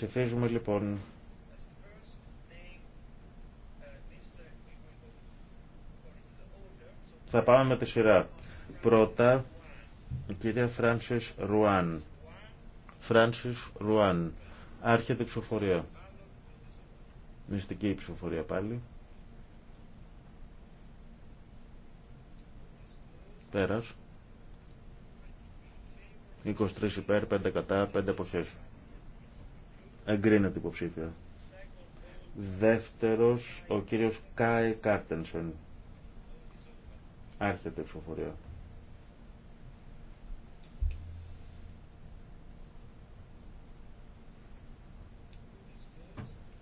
Ψηφίζουμε λοιπόν. Θα πάμε με τη σειρά. Πρώτα, η κυρία Φράνσις Ρουάν. Φράνσις Ρουάν. Άρχεται η ψηφοφορία. Μυστική ψηφοφορία πάλι. Πέρας. 23 υπέρ, 5 κατά, 5 εποχές. Εγκρίνεται υποψήφια. Δεύτερος, ο κύριος Κάι Κάρτενσεν. Άρχεται η ψηφοφορία.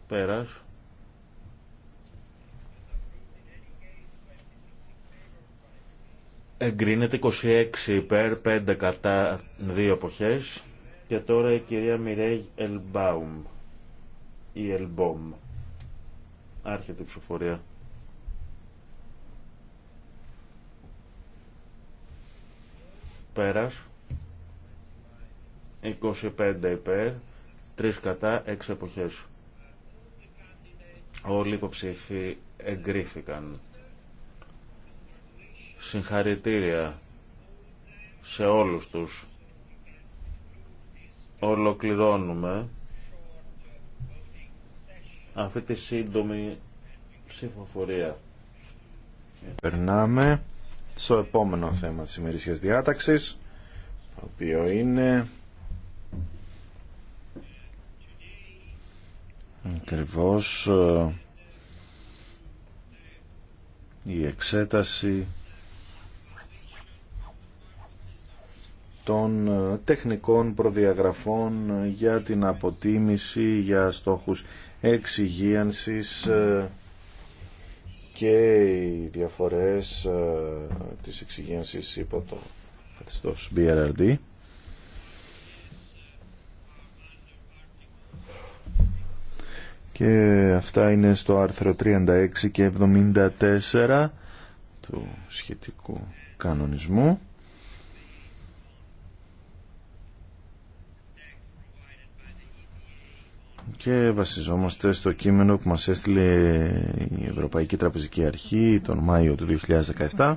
Πέρας. Εγκρίνεται 26 υπέρ, 5 κατά 2 εποχές. Και τώρα η κυρία Μιρέγ Ελμπάουμ ή Ελμπόμ. Άρχεται η ψηφοφορία. Πέρας. 25 υπέρ, 3 κατά, 6 εποχές. Όλοι οι υποψήφοι εγκρίθηκαν. Συγχαρητήρια σε όλους τους ολοκληρώνουμε αυτή τη σύντομη ψηφοφορία. Περνάμε στο επόμενο θέμα της ημερήσιας διάταξης, το οποίο είναι ακριβώ ε, η εξέταση των ε, τεχνικών προδιαγραφών για την αποτίμηση για στόχους εξυγίανσης ε, και οι διαφορές ε, της εξυγίανσης υπό το καθεστώς BRRD. Και αυτά είναι στο άρθρο 36 και 74 του σχετικού κανονισμού. και βασιζόμαστε στο κείμενο που μας έστειλε η Ευρωπαϊκή Τραπεζική Αρχή τον Μάιο του 2017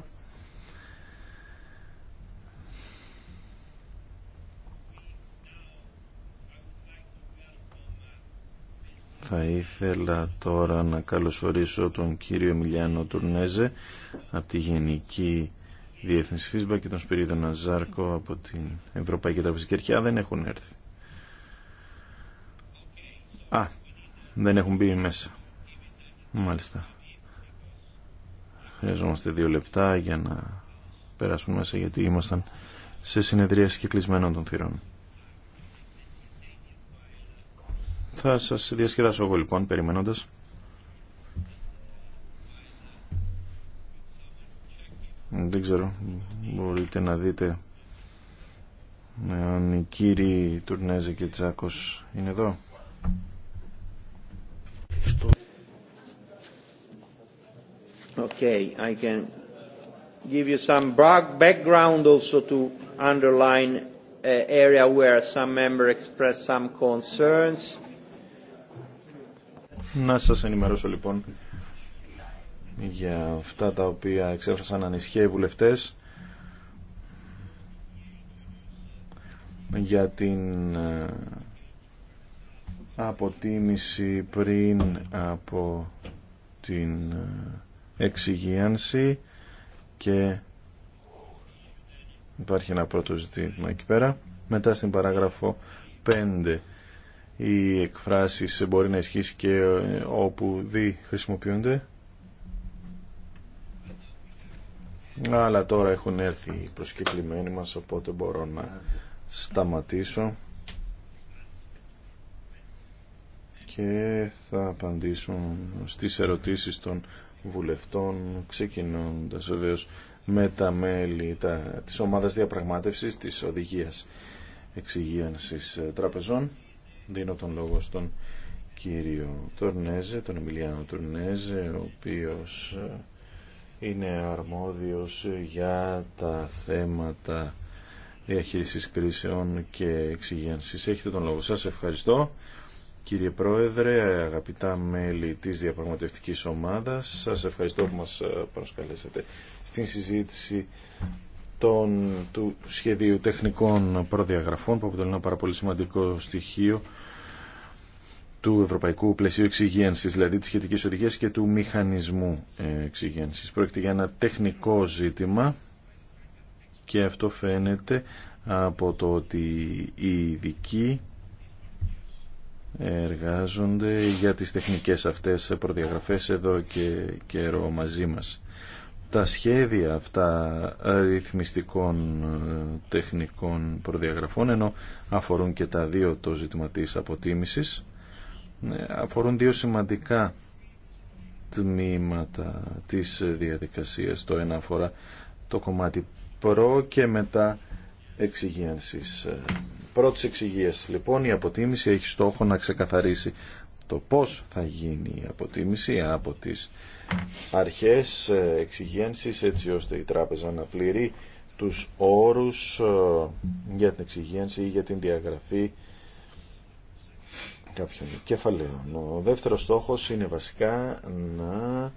θα ήθελα τώρα να καλωσορίσω τον κύριο Μιλιάνο Τουρνέζε από τη Γενική Διεθνής Φίσμπα και τον Σπυρίδωνα Ζάρκο από την Ευρωπαϊκή Τραπεζική Αρχή. Δεν έχουν έρθει. Α, δεν έχουν μπει μέσα. Μάλιστα. Χρειαζόμαστε δύο λεπτά για να περάσουμε μέσα γιατί ήμασταν σε συνεδρία κυκλισμένων των θυρών. Θα σας διασκεδάσω εγώ λοιπόν, περιμένοντας. Δεν ξέρω, μπορείτε να δείτε αν οι κύριοι Τουρνέζη και Τσάκος είναι εδώ. Okay, I can give you some background also to underline uh, area where some member expressed some concerns. Να σας ενημερώσω λοιπόν για αυτά τα οποία εξέφρασαν ανησυχία οι βουλευτές για την ε, αποτίμηση πριν από την ε, εξυγίανση και υπάρχει ένα πρώτο ζήτημα εκεί πέρα. Μετά στην παράγραφο 5 οι εκφράσεις μπορεί να ισχύσει και όπου δι χρησιμοποιούνται. Αλλά τώρα έχουν έρθει οι προσκεκλημένοι μας, οπότε μπορώ να σταματήσω και θα απαντήσουν στις ερωτήσεις των βουλευτών, ξεκινώντας βεβαίω με τα μέλη τα, της ομάδας διαπραγμάτευσης της οδηγίας ε, τραπεζών. Δίνω τον λόγο στον κύριο Τορνέζε, τον Εμιλιάνο Τορνέζε, ο οποίος ε, είναι αρμόδιος για τα θέματα διαχείρισης κρίσεων και εξυγίανση. Έχετε τον λόγο. Σας ευχαριστώ. Κύριε Πρόεδρε, αγαπητά μέλη της διαπραγματευτικής ομάδας, σας ευχαριστώ που μας ε, προσκαλέσατε στην συζήτηση των, του σχεδίου τεχνικών προδιαγραφών που αποτελεί ένα πάρα πολύ σημαντικό στοιχείο του Ευρωπαϊκού Πλαισίου Εξυγένσης, δηλαδή της σχετική οδηγία και του μηχανισμού ε, Εξυγένσης. Πρόκειται για ένα τεχνικό ζήτημα και αυτό φαίνεται από το ότι οι ειδικοί εργάζονται για τις τεχνικές αυτές προδιαγραφές εδώ και καιρό μαζί μας. Τα σχέδια αυτά ρυθμιστικών ε, τεχνικών προδιαγραφών, ενώ αφορούν και τα δύο το ζήτημα της αποτίμησης, ε, αφορούν δύο σημαντικά τμήματα της διαδικασίας. Το ένα αφορά το κομμάτι προ και μετά εξυγίανσης. Ε, Πρώτη εξυγείας λοιπόν η αποτίμηση έχει στόχο να ξεκαθαρίσει το πώς θα γίνει η αποτίμηση από τις αρχές ε, εξυγίανσης έτσι ώστε η τράπεζα να πληρεί τους όρους ε, για την εξυγένση ή για την διαγραφή κάποιων κεφαλαίων. Ο δεύτερος στόχος είναι βασικά να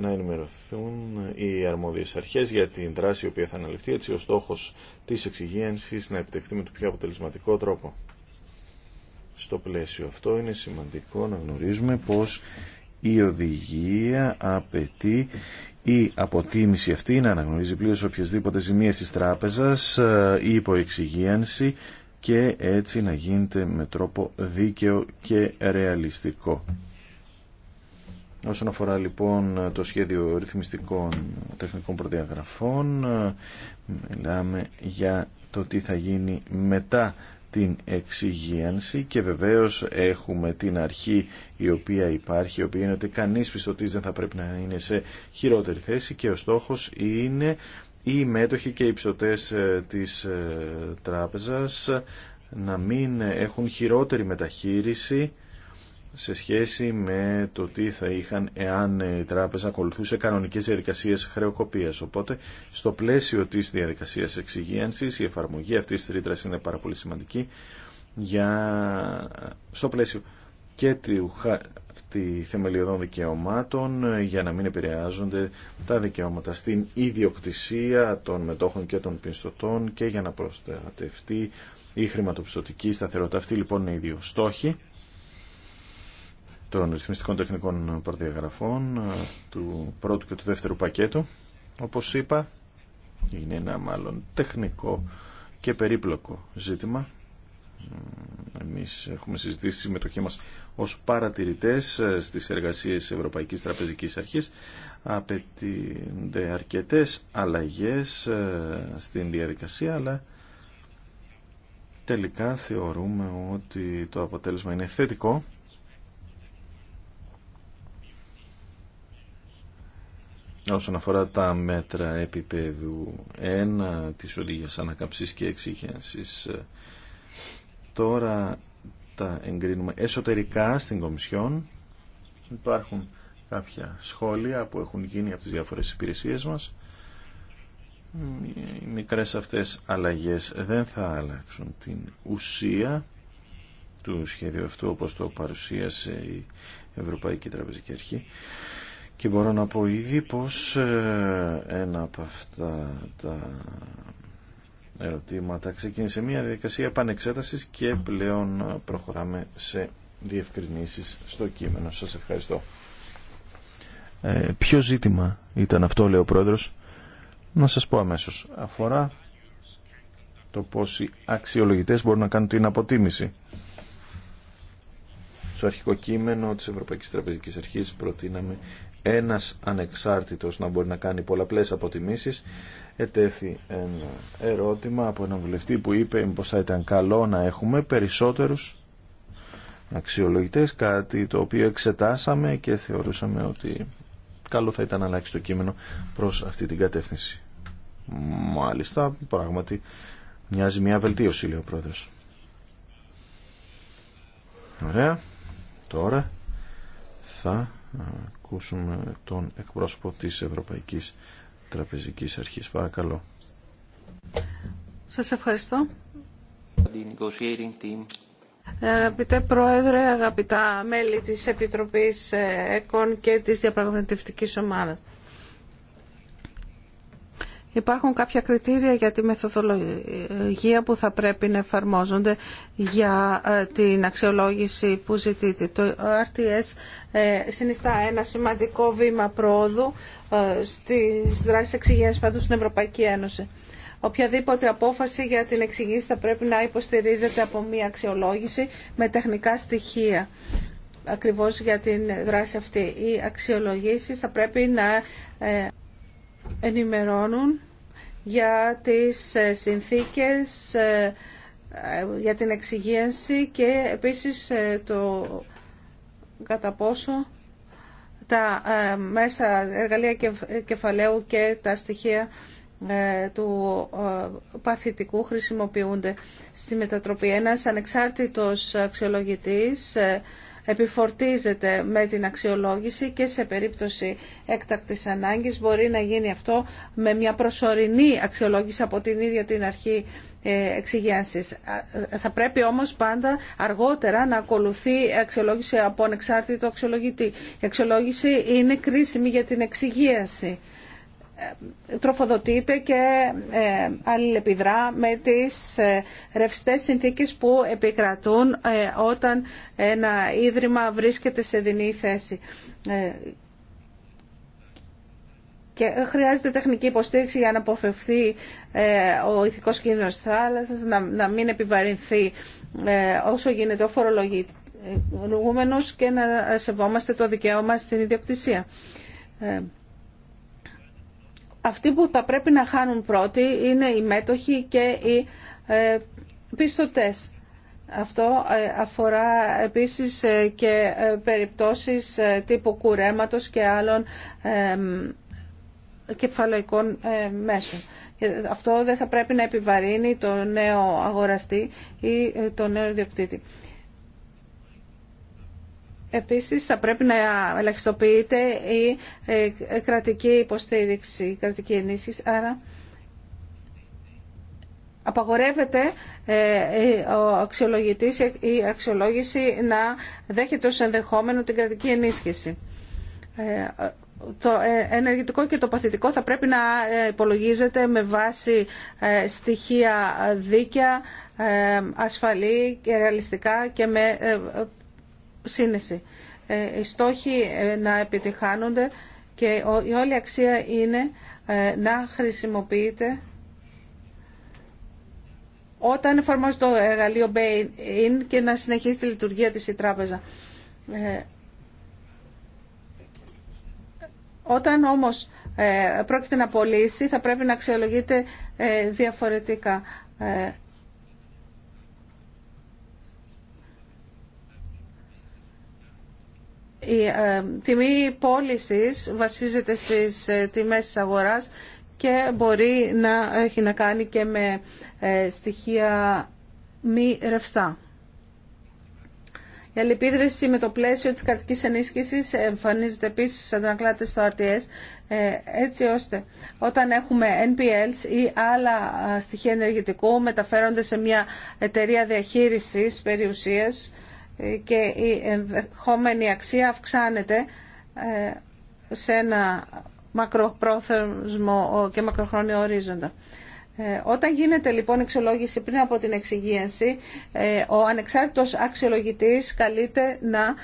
να ενημερωθούν οι αρμόδιες αρχές για την δράση η οποία θα αναλυφθεί έτσι ο στόχος της εξυγίανσης να επιτευχθεί με το πιο αποτελεσματικό τρόπο. Στο πλαίσιο αυτό είναι σημαντικό να γνωρίζουμε πως η οδηγία απαιτεί η αποτίμηση αυτή να αναγνωρίζει πλήρως οποιασδήποτε ζημίε της τράπεζας ή ε, υποεξυγίανση και έτσι να γίνεται με τρόπο δίκαιο και ρεαλιστικό. Όσον αφορά λοιπόν το σχέδιο ρυθμιστικών τεχνικών προδιαγραφών, μιλάμε για το τι θα γίνει μετά την εξυγίανση και βεβαίως έχουμε την αρχή η οποία υπάρχει, η οποία είναι ότι κανείς πιστωτής δεν θα πρέπει να είναι σε χειρότερη θέση και ο στόχος είναι οι μέτοχοι και οι ψωτές ε, της ε, τράπεζας να μην έχουν χειρότερη μεταχείριση σε σχέση με το τι θα είχαν εάν η τράπεζα ακολουθούσε κανονικές διαδικασίες χρεοκοπίας. Οπότε, στο πλαίσιο της διαδικασίας εξυγίανσης, η εφαρμογή αυτής της ρήτρας είναι πάρα πολύ σημαντική για... στο πλαίσιο και του χάρτη θεμελιωδών δικαιωμάτων για να μην επηρεάζονται τα δικαιώματα στην ιδιοκτησία των μετόχων και των πιστωτών και για να προστατευτεί η χρηματοπιστωτική σταθερότητα. Αυτή λοιπόν είναι οι δύο στόχοι των ρυθμιστικών τεχνικών προδιαγραφών ε, του πρώτου και του δεύτερου πακέτου. Όπως είπα, είναι ένα μάλλον τεχνικό και περίπλοκο ζήτημα. Ε, εμείς έχουμε συζητήσει τη συμμετοχή μας ως παρατηρητές ε, στις εργασίες Ευρωπαϊκής Τραπεζικής Αρχής. Απαιτείται αρκετές αλλαγές στην διαδικασία, αλλά τελικά θεωρούμε ότι το αποτέλεσμα είναι θετικό όσον αφορά τα μέτρα επίπεδου 1 της οδηγίας ανακαμψής και εξήγησης τώρα τα εγκρίνουμε εσωτερικά στην Κομισιόν υπάρχουν κάποια σχόλια που έχουν γίνει από τις διάφορες υπηρεσίες μας οι μικρές αυτές αλλαγές δεν θα αλλάξουν την ουσία του σχέδιου αυτού όπως το παρουσίασε η Ευρωπαϊκή Τραπεζική Αρχή και μπορώ να πω ήδη πως ε, ένα από αυτά τα ερωτήματα ξεκίνησε μια διαδικασία επανεξέτασης και πλέον προχωράμε σε διευκρινήσεις στο κείμενο. Σας ευχαριστώ. Ε, ποιο ζήτημα ήταν αυτό, λέει ο Πρόεδρος. Να σας πω αμέσως. Αφορά το πώς οι αξιολογητές μπορούν να κάνουν την αποτίμηση. Στο αρχικό κείμενο της Ευρωπαϊκής Τραπεζικής Αρχής προτείναμε ένας ανεξάρτητος να μπορεί να κάνει πολλαπλές αποτιμήσεις ετέθη ένα ερώτημα από έναν βουλευτή που είπε πως θα ήταν καλό να έχουμε περισσότερους αξιολογητές κάτι το οποίο εξετάσαμε και θεωρούσαμε ότι καλό θα ήταν να αλλάξει το κείμενο προς αυτή την κατεύθυνση μάλιστα πράγματι μοιάζει μια βελτίωση λέει ο πρόεδρος ωραία τώρα θα ακούσουμε τον εκπρόσωπο της Ευρωπαϊκής Τραπεζικής Αρχής. Παρακαλώ. Σας ευχαριστώ. Αγαπητέ Πρόεδρε, αγαπητά μέλη της Επιτροπής ε, ΕΚΟΝ και της Διαπραγματευτικής Ομάδας. Υπάρχουν κάποια κριτήρια για τη μεθοδολογία που θα πρέπει να εφαρμόζονται για ε, την αξιολόγηση που ζητείτε. Το RTS ε, συνιστά ένα σημαντικό βήμα πρόοδου ε, στις δράσεις εξηγίας πάντως στην Ευρωπαϊκή Ένωση. Οποιαδήποτε απόφαση για την εξηγήση θα πρέπει να υποστηρίζεται από μία αξιολόγηση με τεχνικά στοιχεία ακριβώς για την δράση αυτή. Οι αξιολογήσεις θα πρέπει να ενημερώνουν για τις ε, συνθήκες ε, ε, για την εξυγίανση και επίσης το κατά πόσο τα μέσα εργαλεία κεφαλαίου και τα στοιχεία του παθητικού χρησιμοποιούνται στη μετατροπή. Ένας ανεξάρτητος αξιολογητής επιφορτίζεται με την αξιολόγηση και σε περίπτωση έκτακτης ανάγκης μπορεί να γίνει αυτό με μια προσωρινή αξιολόγηση από την ίδια την αρχή ε, εξηγένσης. Ε, θα πρέπει όμως πάντα αργότερα να ακολουθεί αξιολόγηση από ανεξάρτητο αξιολογητή. Η αξιολόγηση είναι κρίσιμη για την εξηγίαση. Ε, τροφοδοτείται και ε, αλληλεπιδρά με τις ε, ρευστές συνθήκες που επικρατούν όταν ένα ίδρυμα βρίσκεται σε δινή θέση. Και χρειάζεται τεχνική υποστήριξη για να αποφευθεί ο ηθικός κίνδυνος της θάλασσας, να μην επιβαρυνθεί όσο γίνεται ο φορολογούμενος και να σεβόμαστε το δικαίωμα στην ιδιοκτησία αυτοί που θα πρέπει να χάνουν πρώτοι είναι οι μέτοχοι και οι ε, πιστωτές. Αυτό ε, αφορά επίσης ε, και περιπτώσεις τύπου κουρέματος και άλλων κεφαλαϊκών μέσων. Αυτό δεν θα πρέπει να επιβαρύνει το νέο αγοραστή ή το νέο ιδιοκτήτη. Επίσης θα πρέπει να ελαχιστοποιείται η ε, ε, κρατική υποστήριξη, η κρατική ενίσχυση. Άρα απαγορεύεται ε, ο αξιολογητής ή η αξιολόγηση να δέχεται ως ενδεχόμενο την κρατική ενίσχυση. Το ενεργητικό και το παθητικό θα πρέπει να υπολογίζεται με βάση στοιχεία δίκαια, ασφαλή και ρεαλιστικά και με σύνεση. Ε, οι στόχοι ε, να επιτυχάνονται και η όλη αξία είναι ε, να χρησιμοποιείται όταν εφαρμόζει το εργαλείο Bain και να συνεχίσει τη λειτουργία της η τράπεζα. Όταν όμως πρόκειται να πωλήσει θα πρέπει να αξιολογείται διαφορετικά. Η ε, τιμή πώληση βασίζεται στις ε, τιμές της αγοράς και μπορεί να έχει να κάνει και με ε, στοιχεία μη ρευστά. Η αλληπίδρυση με το πλαίσιο της κρατικής ενίσχυσης εμφανίζεται επίσης αντανακλάτες στο RTS έτσι ώστε όταν έχουμε NPLs ή άλλα στοιχεία ενεργητικού μεταφέρονται σε μια εταιρεία διαχείρισης περιουσίας ε, και η ενδεχόμενη αξία αυξάνεται ε, σε ένα μακροπρόθεσμο και μακροχρόνιο ορίζοντα. Ε, όταν γίνεται λοιπόν εξολόγηση πριν από την εξυγίανση, ο ανεξάρτητος αξιολογητής καλείται να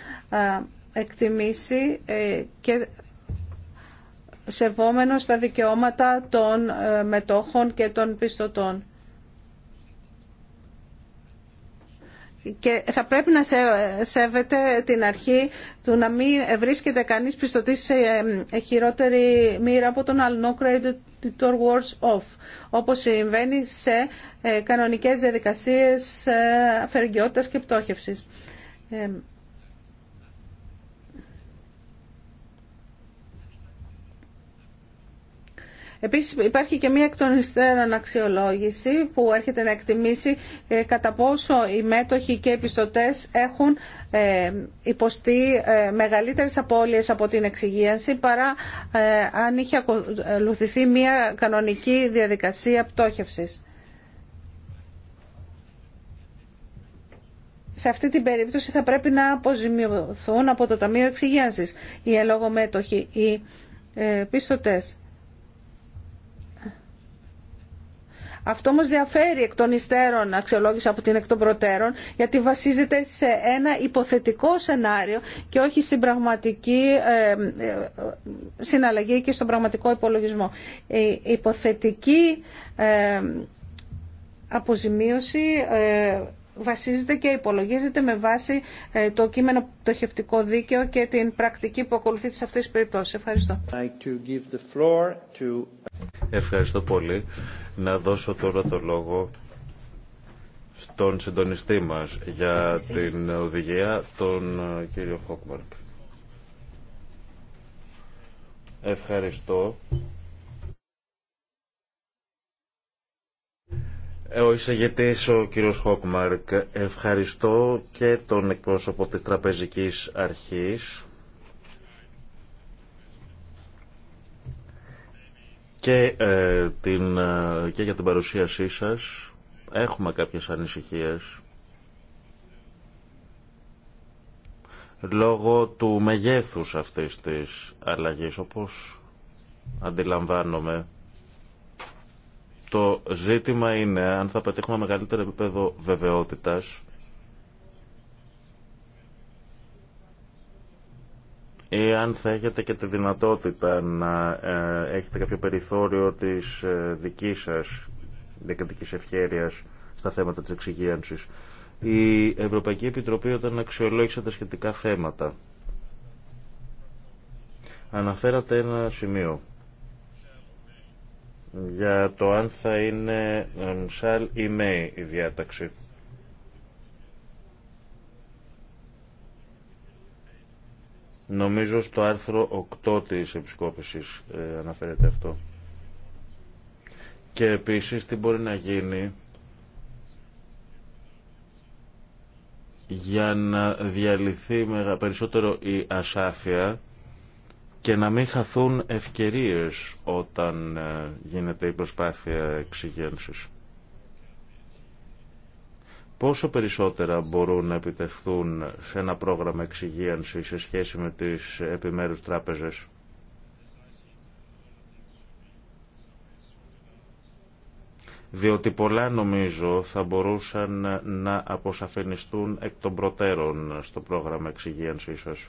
εκτιμήσει και σεβόμενος τα δικαιώματα των μετόχων και των πιστωτών. και θα πρέπει να σέβεται την αρχή του να μην βρίσκεται κανείς πιστωτή σε ε, ε, χειρότερη μοίρα από τον άλλο no creditor wars off όπως συμβαίνει σε ε, κανονικές διαδικασίες αφαιρεγγιότητας και πτώχευσης. Επίσης υπάρχει και μία εκ των υστέρων αξιολόγηση που έρχεται να εκτιμήσει ε, κατά πόσο οι μέτοχοι και οι πιστωτές έχουν ε, υποστεί ε, μεγαλύτερες απώλειες από την εξυγίανση παρά αν είχε ακολουθηθεί μία κανονική διαδικασία πτώχευσης. σε αυτή την περίπτωση θα πρέπει να αποζημιωθούν από το Ταμείο Εξυγίανσης οι ελόγω μέτοχοι, οι πιστωτές. Αυτό όμω διαφέρει εκ των υστέρων αξιολόγηση από την εκ των προτέρων γιατί βασίζεται σε ένα υποθετικό σενάριο και όχι στην πραγματική ε, ε, συναλλαγή και στον πραγματικό υπολογισμό. Η υποθετική ε, αποζημίωση βασίζεται και υπολογίζεται με βάση το κείμενο πτωχευτικό δίκαιο και την πρακτική που ακολουθείται σε αυτές τις περιπτώσεις. Ευχαριστώ. Ευχαριστώ πολύ. Να δώσω τώρα το λόγο στον συντονιστή μας για την οδηγία, τον ε, κύριο Χόκμαρκ. Ευχαριστώ. Ε, ο εισαγητής ο κύριος Χόκμαρκ, ευχαριστώ και τον εκπρόσωπο της Τραπεζικής Αρχής και, ε, την, ε, και για την παρουσίασή σας. Έχουμε κάποιες ανησυχίες λόγω του μεγέθους αυτής της αλλαγής, όπως αντιλαμβάνομαι. Το ζήτημα είναι αν θα πετύχουμε μεγαλύτερο επίπεδο βεβαιότητας εάν θα έχετε και τη δυνατότητα να ε, έχετε κάποιο περιθώριο της ε, δικής σας διακριτικής ευχέρειας στα θέματα της εξυγίανσης. Η Ευρωπαϊκή Επιτροπή όταν αξιολόγησε τα σχετικά θέματα αναφέρατε ένα σημείο για το αν θα είναι ε, Σαλ ή Μέη η διάταξη. Νομίζω στο άρθρο 8 της επισκόπησης ε, αναφέρεται αυτό. Και επίσης τι μπορεί να γίνει για να διαλυθεί περισσότερο η ασάφεια και να μην χαθούν ευκαιρίες όταν ε, γίνεται η προσπάθεια εξυγένσης. Πόσο περισσότερα μπορούν να επιτευχθούν σε ένα πρόγραμμα εξυγίανση σε σχέση με τις επιμέρους τράπεζες. διότι πολλά νομίζω θα μπορούσαν να αποσαφενιστούν εκ των προτέρων στο πρόγραμμα εξυγίανσής σας.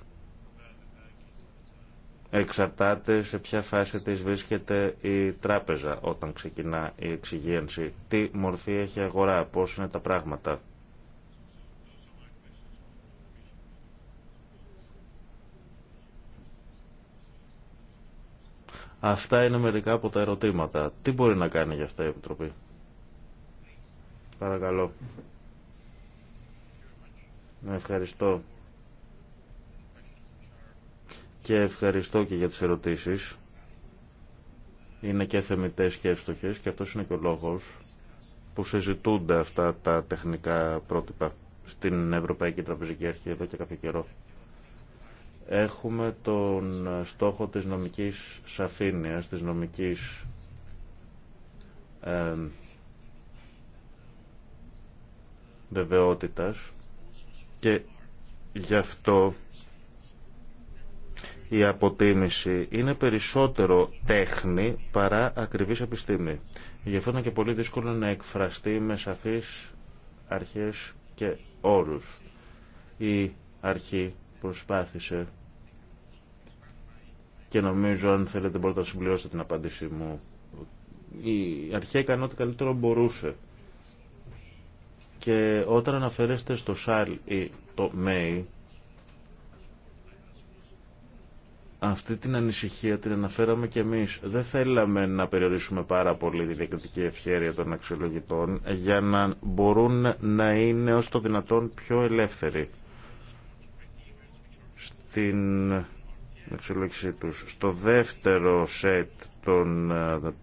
Εξαρτάται σε ποια φάση της βρίσκεται η τράπεζα όταν ξεκινά η εξυγίανση. Τι μορφή έχει αγορά, πώς είναι τα πράγματα. Αυτά είναι μερικά από τα ερωτήματα. Τι μπορεί να κάνει για αυτά η Επιτροπή. Παρακαλώ. Ευχαριστώ και ευχαριστώ και για τις ερωτήσεις. Είναι και θεμητές και εύστοχες και αυτός είναι και ο λόγος που συζητούνται αυτά τα τεχνικά πρότυπα στην Ευρωπαϊκή Τραπεζική Αρχή εδώ και κάποιο καιρό. Έχουμε τον στόχο της νομικής σαφήνειας, της νομικής ε, βεβαιότητας και γι' αυτό η αποτίμηση είναι περισσότερο τέχνη παρά ακριβής επιστήμη. Γι' αυτό είναι και πολύ δύσκολο να εκφραστεί με σαφείς αρχές και όρους. Η αρχή προσπάθησε και νομίζω αν θέλετε μπορείτε να συμπληρώσετε την απάντησή μου η έκανε ό,τι καλύτερο μπορούσε και όταν αναφέρεστε στο Σάλ ή το Μέι Αυτή την ανησυχία την αναφέραμε και εμείς. Δεν θέλαμε να περιορίσουμε πάρα πολύ τη διακριτική ευχέρεια των αξιολογητών για να μπορούν να είναι ως το δυνατόν πιο ελεύθεροι στην αξιολόγησή τους. Στο δεύτερο σετ των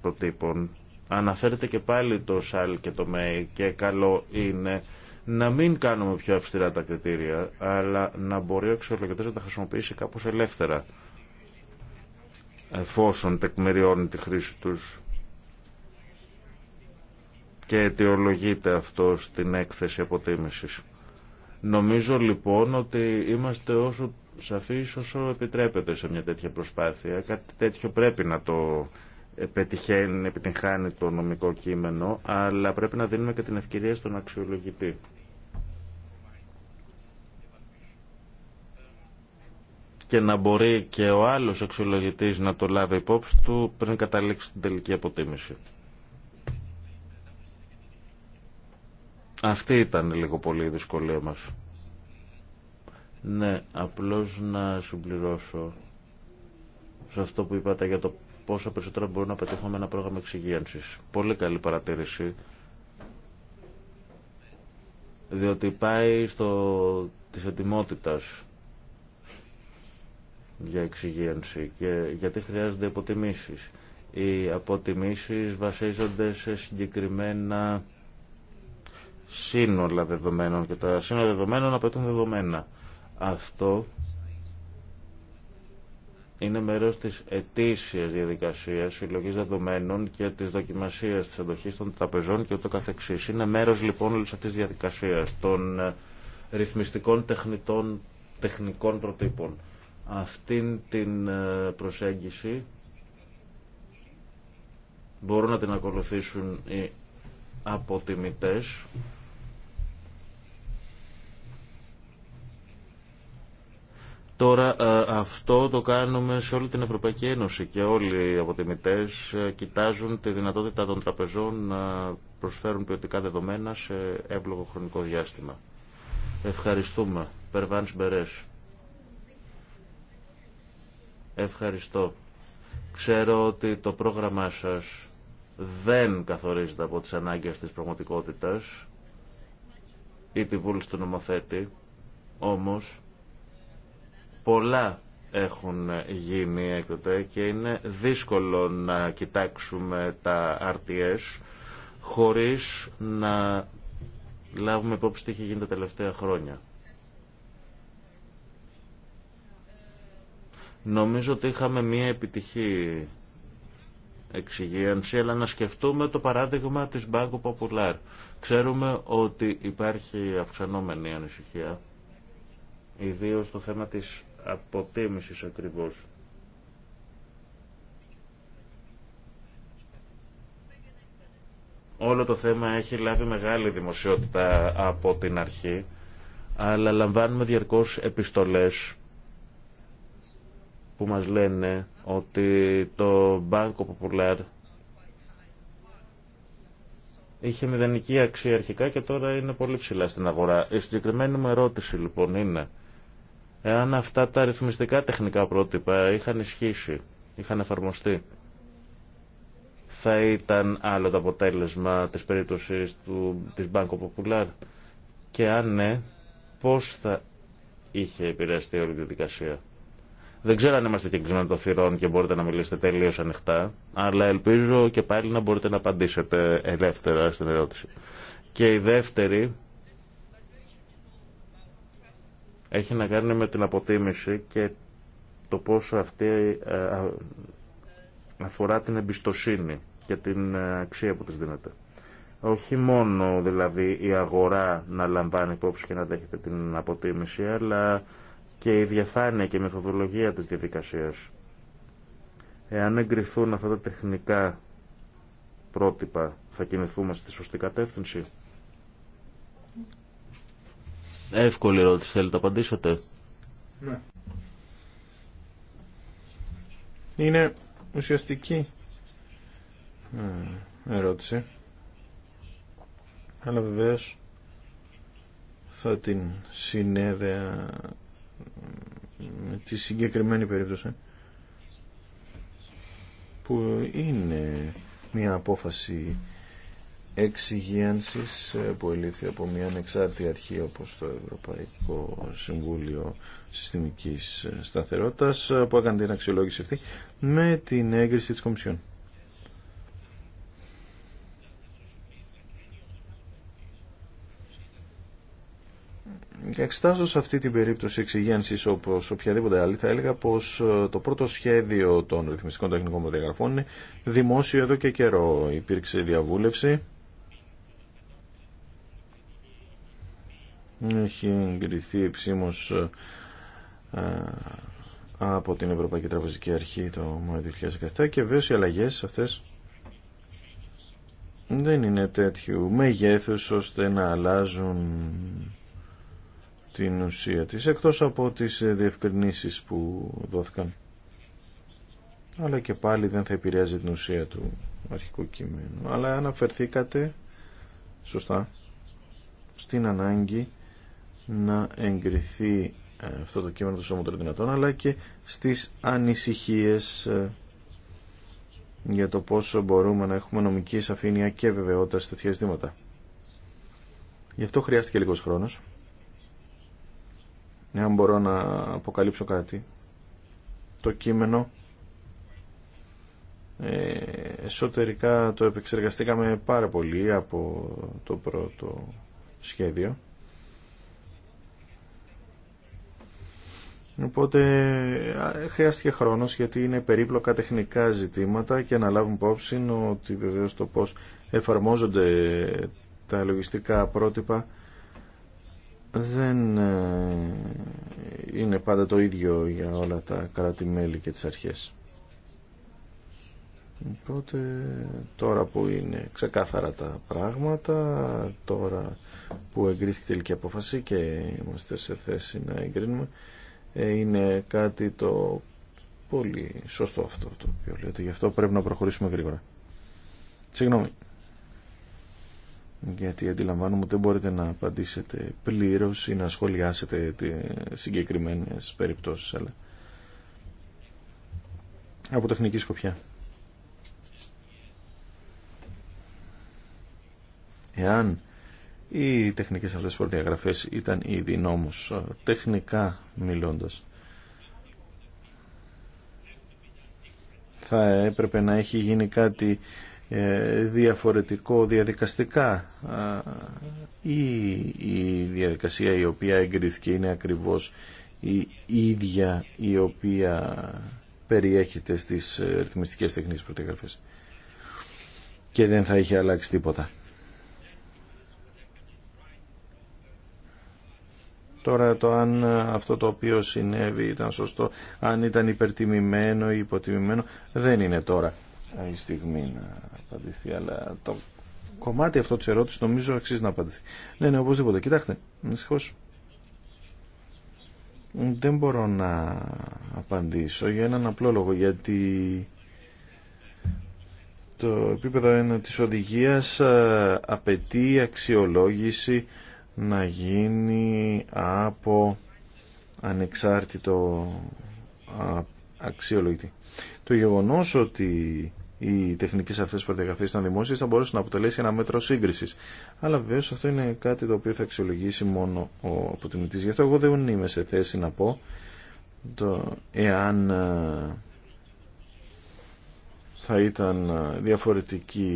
προτύπων ε, αναφέρεται και πάλι το ΣΑΛ και το ΜΕΙ και καλό είναι να μην κάνουμε πιο αυστηρά τα κριτήρια αλλά να μπορεί ο αξιολογητής να τα χρησιμοποιήσει κάπως ελεύθερα εφόσον τεκμηριώνει τη χρήση τους και αιτιολογείται αυτό στην έκθεση αποτίμησης. Νομίζω λοιπόν ότι είμαστε όσο σαφείς όσο επιτρέπεται σε μια τέτοια προσπάθεια. Κάτι τέτοιο πρέπει να το πετυχαίνει, επιτυγχάνει το νομικό κείμενο, αλλά πρέπει να δίνουμε και την ευκαιρία στον αξιολογητή. και να μπορεί και ο άλλος αξιολογητής να το λάβει υπόψη του πριν καταλήξει την τελική αποτίμηση. Αυτή ήταν λίγο πολύ η δυσκολία μας. Ναι, απλώς να συμπληρώσω σε αυτό που είπατε για το πόσο περισσότερο μπορούμε να πετύχουμε ένα πρόγραμμα εξυγίανσης. Πολύ καλή παρατήρηση. Διότι πάει στο της ετοιμότητας για εξυγίανση και γιατί χρειάζονται υποτιμήσεις. Οι αποτιμήσεις βασίζονται σε συγκεκριμένα σύνολα δεδομένων και τα σύνολα δεδομένων απαιτούν δεδομένα. Αυτό είναι μέρος της ετήσιας διαδικασίας συλλογής δεδομένων και της δοκιμασίας της αντοχής των τραπεζών και ούτω καθεξής. Είναι μέρος λοιπόν όλης αυτής της διαδικασίας των ρυθμιστικών τεχνητών, τεχνικών προτύπων. Αυτήν την ε, προσέγγιση μπορούν να την ακολουθήσουν οι αποτιμητές Τώρα ε, αυτό το κάνουμε σε όλη την Ευρωπαϊκή Ένωση και όλοι οι αποτιμητές ε, κοιτάζουν τη δυνατότητα των τραπεζών να προσφέρουν ποιοτικά δεδομένα σε εύλογο χρονικό διάστημα. Ευχαριστούμε. Περβάνς Μπερές. Ευχαριστώ. Ξέρω ότι το πρόγραμμά σας δεν καθορίζεται από τις ανάγκες της πραγματικότητας ή τη βούληση του νομοθέτη, όμως πολλά έχουν γίνει έκτοτε και είναι δύσκολο να κοιτάξουμε τα RTS χωρίς να λάβουμε υπόψη τι έχει γίνει τα τελευταία χρόνια. Νομίζω ότι είχαμε μια επιτυχή εξυγίανση, αλλά να σκεφτούμε το παράδειγμα της Banco Popular. Ξέρουμε ότι υπάρχει αυξανόμενη ανησυχία, ιδίως το θέμα της αποτίμησης ακριβώς. Όλο το θέμα έχει λάβει μεγάλη δημοσιότητα από την αρχή, αλλά λαμβάνουμε διαρκώς επιστολές που μας λένε ότι το Banco Popular είχε μηδενική αξία αρχικά και τώρα είναι πολύ ψηλά στην αγορά. Η συγκεκριμένη μου ερώτηση λοιπόν είναι εάν αυτά τα ρυθμιστικά τεχνικά πρότυπα είχαν ισχύσει, είχαν εφαρμοστεί θα ήταν άλλο το αποτέλεσμα της περίπτωσης του, της Banco Popular και αν ναι, πώς θα είχε επηρεαστεί όλη τη δικασία. Δεν ξέρω αν είμαστε κυκλισμένοι των θυρών και μπορείτε να μιλήσετε τελείω ανοιχτά, αλλά ελπίζω και πάλι να μπορείτε να απαντήσετε ελεύθερα στην ερώτηση. Και η δεύτερη έχει να κάνει με την αποτίμηση και το πόσο αυτή ε, αφορά την εμπιστοσύνη και την ε, αξία που της δίνεται. Όχι μόνο δηλαδή η αγορά να λαμβάνει υπόψη και να δέχεται την αποτίμηση, αλλά και η διαφάνεια και η μεθοδολογία της διαδικασίας. Εάν εγκριθούν αυτά τα τεχνικά πρότυπα, θα κινηθούμε στη σωστή κατεύθυνση. Εύκολη ερώτηση, θέλετε να απαντήσετε. Ναι. Είναι ουσιαστική ε, ερώτηση. Αλλά βεβαίως θα την συνέδεα τη συγκεκριμένη περίπτωση που είναι μια απόφαση εξυγίανσης ε, που ελήφθη από μια ανεξάρτητη αρχή όπως το Ευρωπαϊκό Συμβούλιο Συστημικής Σταθερότητας ε, που έκανε την αξιολόγηση αυτή με την έγκριση της Κομισιόν. σε αυτή την περίπτωση εξηγένση όπω οποιαδήποτε άλλη θα έλεγα πως ε, το πρώτο σχέδιο των ρυθμιστικών τεχνικών προδιαγραφών είναι δημόσιο εδώ και καιρό. Υπήρξε διαβούλευση. Έχει εγκριθεί επισήμω ε, ε, από την Ευρωπαϊκή Τραπεζική Αρχή το Μάιο 2017 και βέβαια οι αλλαγέ αυτές δεν είναι τέτοιου μεγέθους ώστε να αλλάζουν την ουσία της, εκτός από τις ε, διευκρινήσεις που δόθηκαν. Αλλά και πάλι δεν θα επηρεάζει την ουσία του αρχικού κειμένου. Αλλά αναφερθήκατε, σωστά, στην ανάγκη να εγκριθεί ε, αυτό το κείμενο του σώμα των δυνατών, αλλά και στις ανησυχίες ε, για το πόσο μπορούμε να έχουμε νομική σαφήνεια και βεβαιότητα σε τέτοια ζητήματα. Γι' αυτό χρειάστηκε λίγος χρόνος αν μπορώ να αποκαλύψω κάτι, το κείμενο ε, εσωτερικά το επεξεργαστήκαμε πάρα πολύ από το πρώτο σχέδιο. Οπότε χρειάστηκε χρόνος γιατί είναι περίπλοκα τεχνικά ζητήματα και να λάβουν υπόψη ότι βεβαίως το πώς εφαρμόζονται τα λογιστικά πρότυπα δεν ε, είναι πάντα το ίδιο για όλα τα κράτη-μέλη και τις αρχές. Οπότε τώρα που είναι ξεκάθαρα τα πράγματα, τώρα που εγκρίθηκε τελική απόφαση και είμαστε σε θέση να εγκρίνουμε, ε, είναι κάτι το πολύ σωστό αυτό το οποίο λέτε. Γι' αυτό πρέπει να προχωρήσουμε γρήγορα. Συγγνώμη γιατί αντιλαμβάνομαι ότι δεν μπορείτε να απαντήσετε πλήρως ή να σχολιάσετε τις συγκεκριμένες περιπτώσεις από τεχνική σκοπιά εάν οι τεχνικές αυτές προδιαγραφές ήταν ήδη νόμους ε, τεχνικά μιλώντας θα έπρεπε να έχει γίνει κάτι ε, διαφορετικό διαδικαστικά ή η διαδικασία η οποία εγκρίθηκε είναι ακριβώς η ίδια η οποία περιέχεται στις ε, ρυθμιστικές τεχνικές προδιαγραφές και δεν θα είχε αλλάξει τίποτα. Τώρα το αν ε, αυτό το οποίο συνέβη ήταν σωστό, αν ήταν υπερτιμημένο ή υποτιμημένο, δεν είναι τώρα η στιγμή να απαντηθεί, αλλά το κομμάτι αυτό τη ερώτηση νομίζω αξίζει να απαντηθεί. Ναι, ναι, οπωσδήποτε. Κοιτάξτε, δυστυχώ. δεν μπορώ να απαντήσω για έναν απλό λόγο, γιατί το επίπεδο 1 της οδηγίας ε, απαιτεί αξιολόγηση να γίνει από ανεξάρτητο αξιολογητή. Το γεγονός ότι οι τεχνικέ αυτέ προδιαγραφέ ήταν δημόσιε, θα μπορούσε να αποτελέσει ένα μέτρο σύγκριση. Αλλά βεβαίω αυτό είναι κάτι το οποίο θα αξιολογήσει μόνο ο αποτιμητή. Γι' αυτό εγώ δεν είμαι σε θέση να πω το εάν ε, θα ήταν ε, διαφορετική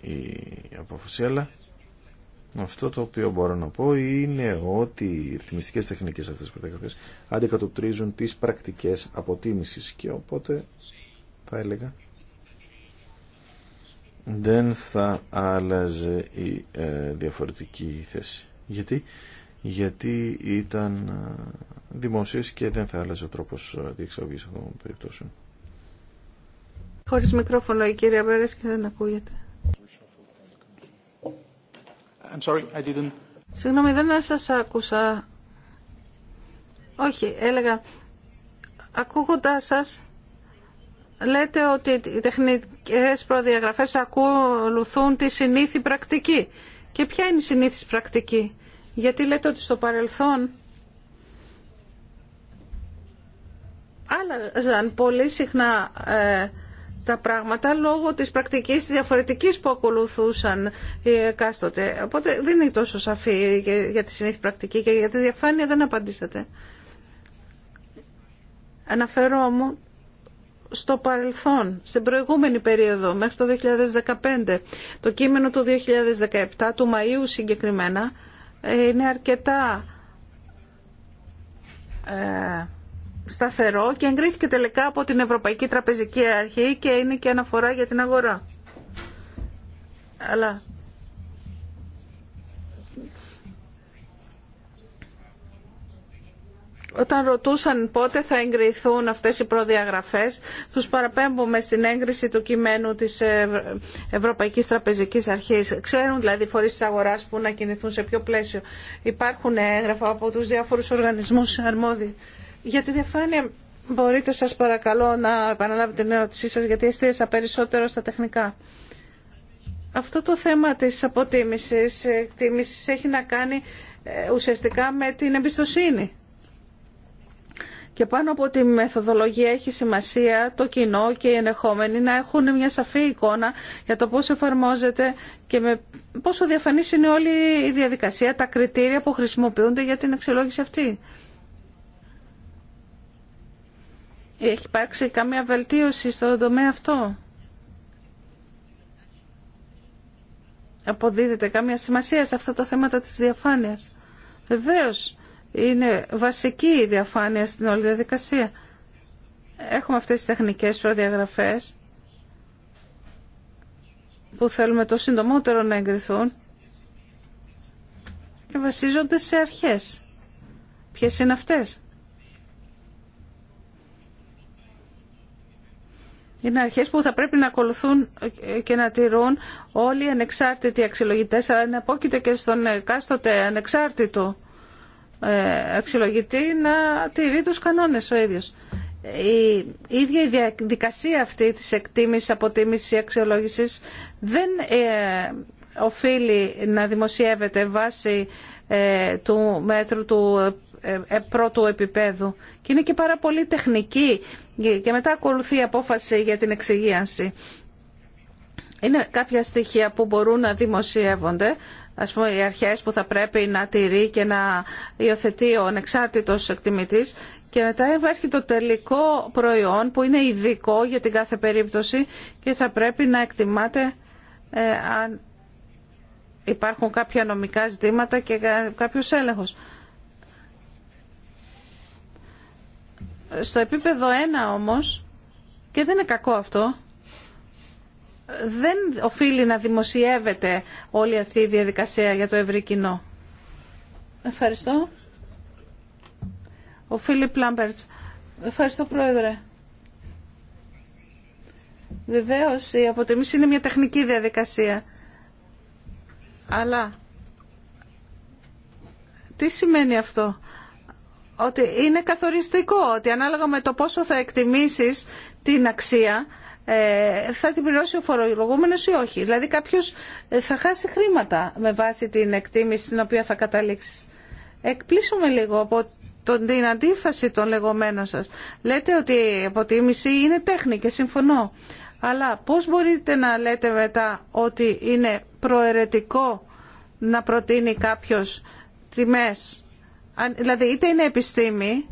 η απόφαση, αλλά αυτό το οποίο μπορώ να πω είναι ότι οι ρυθμιστικές τεχνικές αυτές τις αντικατοπτρίζουν τις πρακτικές αποτίμησης και οπότε θα έλεγα δεν θα άλλαζε η ε, διαφορετική θέση. Γιατί? Γιατί ήταν ε, δημόσιες και δεν θα άλλαζε ο τρόπος ε, διεξαγωγής αυτών των περιπτώσεων. Χωρίς μικρόφωνο η κυρία Μπέρες και δεν ακούγεται. I'm sorry, I didn't... Συγγνώμη, δεν σας άκουσα. Όχι, έλεγα, ακούγοντάς σας, λέτε ότι οι τεχνικές προδιαγραφές ακολουθούν τη συνήθη πρακτική. Και ποια είναι η συνήθις πρακτική. Γιατί λέτε ότι στο παρελθόν άλλαζαν πολύ συχνά ε, τα πράγματα λόγω της πρακτικής διαφορετικής που ακολουθούσαν εκάστοτε. Οπότε δεν είναι τόσο σαφή για τη συνήθη πρακτική και για τη διαφάνεια δεν απαντήσατε. Αναφέρω όμως στο παρελθόν, στην προηγούμενη περίοδο, μέχρι το 2015. Το κείμενο του 2017, του Μαΐου συγκεκριμένα, ε, είναι αρκετά ε, σταθερό και εγκρίθηκε τελικά από την Ευρωπαϊκή Τραπεζική Αρχή και είναι και αναφορά για την αγορά. Αλλά όταν ρωτούσαν πότε θα εγκριθούν αυτές οι προδιαγραφές, τους παραπέμπουμε στην έγκριση του κειμένου της Ευρωπαϊκής Τραπεζικής Αρχής. Ξέρουν δηλαδή οι φορείς της αγοράς που να κινηθούν σε ποιο πλαίσιο. Υπάρχουν έγγραφα από τους διάφορους οργανισμούς αρμόδιοι. Για τη διαφάνεια μπορείτε σας παρακαλώ να επαναλάβετε την ερώτησή σας γιατί εστίασα περισσότερο στα τεχνικά. Αυτό το θέμα της αποτίμησης, εκτίμησης έχει να κάνει ε, ουσιαστικά με την εμπιστοσύνη και πάνω από τη μεθοδολογία έχει σημασία το κοινό και οι ενεχόμενοι να έχουν μια σαφή εικόνα για το πώς εφαρμόζεται και με πόσο διαφανής είναι όλη η διαδικασία, τα κριτήρια που χρησιμοποιούνται για την αξιολόγηση αυτή. Έχει υπάρξει καμία βελτίωση στον τομέα αυτό. Αποδίδεται καμία σημασία σε αυτά τα θέματα της διαφάνειας. Βεβαίως είναι βασική η διαφάνεια στην όλη διαδικασία. Έχουμε αυτές τις τεχνικές προδιαγραφές που θέλουμε το συντομότερο να εγκριθούν και βασίζονται σε αρχές. Ποιες είναι αυτές. Είναι αρχές που θα πρέπει να ακολουθούν και να τηρούν όλοι οι ανεξάρτητοι αξιολογητές, αλλά είναι απόκειται και στον εκάστοτε ανεξάρτητο ε, αξιολογητή να τηρεί τους κανόνες ο ίδιος. Η ίδια η διαδικασία αυτή της εκτίμησης, αποτίμησης, αξιολόγησης δεν ε, οφείλει να δημοσιεύεται βάσει ε, του μέτρου του πρώτου επίπεδου και είναι και πάρα πολύ τεχνική και μετά ακολουθεί η απόφαση για την εξυγίανση. Είναι κάποια στοιχεία που μπορούν να δημοσιεύονται ας πούμε, οι αρχές που θα πρέπει να τηρεί και να υιοθετεί ο ανεξάρτητος εκτιμητής και μετά υπάρχει το τελικό προϊόν που είναι ειδικό για την κάθε περίπτωση και θα πρέπει να εκτιμάται ε, αν υπάρχουν κάποια νομικά ζητήματα και κάποιος έλεγχος. Στο επίπεδο 1 όμως, και δεν είναι κακό αυτό, δεν οφείλει να δημοσιεύεται όλη αυτή η διαδικασία για το ευρύ κοινό. Ευχαριστώ. Ο Φίλιπ Λάμπερτς. Ευχαριστώ, Πρόεδρε. Βεβαίως, η αποτιμήση είναι μια τεχνική διαδικασία. Αλλά, τι σημαίνει αυτό ότι είναι καθοριστικό ότι ανάλογα με το πόσο θα εκτιμήσεις την αξία ε, θα την πληρώσει ο φορολογούμενος ή όχι. Δηλαδή κάποιος ε, θα χάσει χρήματα με βάση την εκτίμηση στην οποία θα καταλήξει. Εκπλήσουμε λίγο από την αντίφαση των λεγόμενων σας. Λέτε ότι η οχι δηλαδη καποιο θα χασει χρηματα με βαση την εκτιμηση είναι τέχνη και συμφωνώ. Αλλά πώς μπορείτε να λέτε μετά ότι είναι προαιρετικό να προτείνει κάποιος τιμές. Δηλαδή είτε είναι επιστήμη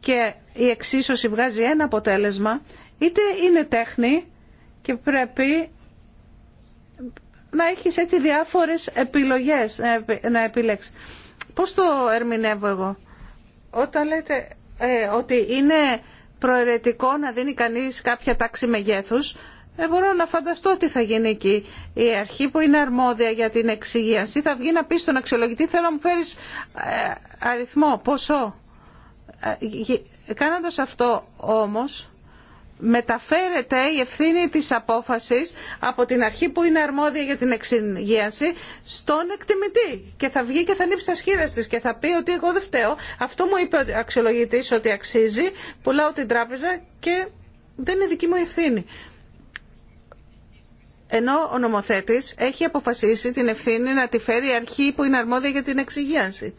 και η εξίσωση βγάζει ένα αποτέλεσμα είτε είναι τέχνη και πρέπει να έχεις έτσι διάφορες επιλογές να επιλέξεις. Πώς το ερμηνεύω εγώ. Όταν λέτε ε, ότι είναι προαιρετικό να δίνει κανείς κάποια τάξη μεγέθους, δεν μπορώ να φανταστώ τι θα γίνει εκεί. Η αρχή που είναι αρμόδια για την εξυγίανση θα βγει να πει στον αξιολογητή θέλω να μου φέρεις ε, αριθμό, ποσό. Ε, κάνοντας αυτό όμως μεταφέρεται η ευθύνη της απόφασης από την αρχή που είναι αρμόδια για την εξυγίαση στον εκτιμητή και θα βγει και θα ανοίξει τα σχήρα της και θα πει ότι εγώ δεν φταίω. Αυτό μου είπε ο αξιολογητής ότι αξίζει, πουλάω την τράπεζα και δεν είναι δική μου ευθύνη. Ενώ ο νομοθέτης έχει αποφασίσει την ευθύνη να τη φέρει η αρχή που είναι αρμόδια για την εξυγίαση.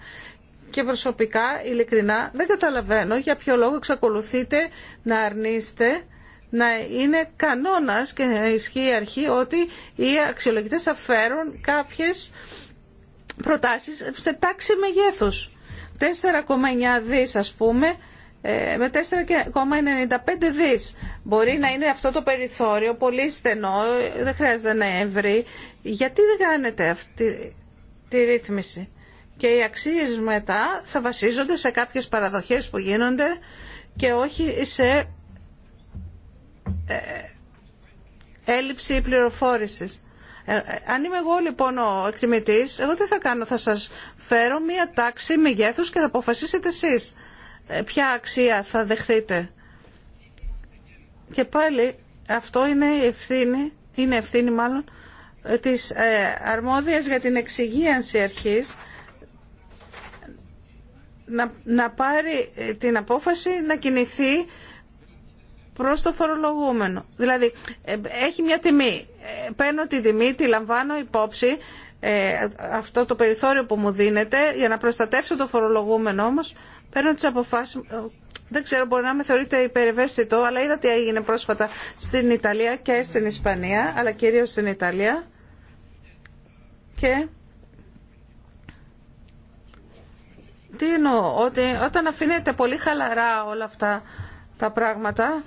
Και προσωπικά, ειλικρινά, δεν καταλαβαίνω για ποιο λόγο εξακολουθείτε να αρνείστε να είναι κανόνας και να ισχύει η αρχή ότι οι αξιολογητές φέρουν κάποιες προτάσεις σε τάξη μεγέθους. 4,9 δις ας πούμε ε, με 4,95 δις. Μπορεί να είναι αυτό το περιθώριο πολύ στενό, δεν χρειάζεται να εύρει. Γιατί δεν κάνετε αυτή τη ρύθμιση. Και οι αξίες μετά θα βασίζονται σε κάποιες παραδοχές που γίνονται και όχι σε ε, έλλειψη πληροφόρησης. Ε, ε, αν είμαι εγώ λοιπόν ο εκτιμητής, εγώ τι θα κάνω, θα σας φέρω μία τάξη μεγέθους και θα αποφασίσετε εσείς ποια αξία θα δεχθείτε. Και πάλι αυτό είναι η ευθύνη, είναι ευθύνη μάλλον, της αρμόδιας για την εξυγίανση αρχής να, να πάρει την απόφαση να κινηθεί Προ το φορολογούμενο. Δηλαδή, ε, έχει μια τιμή. Ε, παίρνω τη τιμή, τη λαμβάνω υπόψη, ε, αυτό το περιθώριο που μου δίνεται, για να προστατεύσω το φορολογούμενο όμως, παίρνω τις αποφάσεις... Δεν ξέρω, μπορεί να με θεωρείτε υπερευαίσθητο, αλλά είδα τι έγινε πρόσφατα στην Ιταλία και στην Ισπανία, αλλά κυρίως στην Ιταλία. Και τι εννοώ, ότι όταν αφήνεται πολύ χαλαρά όλα αυτά τα πράγματα,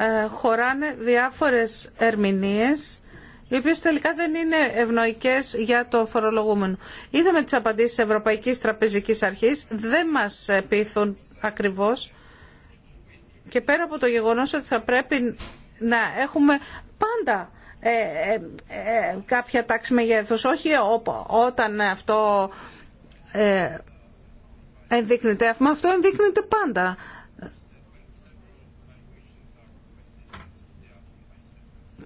ε, χωράνε διάφορες ερμηνείες οι οποίε τελικά δεν είναι ευνοϊκέ για το φορολογούμενο. Είδαμε τι απαντήσει τη Ευρωπαϊκή Τραπεζική Αρχή, δεν μα πείθουν ακριβώ. Και πέρα από το γεγονό ότι θα πρέπει να έχουμε πάντα ε, ε, κάποια τάξη μεγέθους, όχι ό, όταν αυτό ενδείκνεται. Αυτό ενδείκνεται πάντα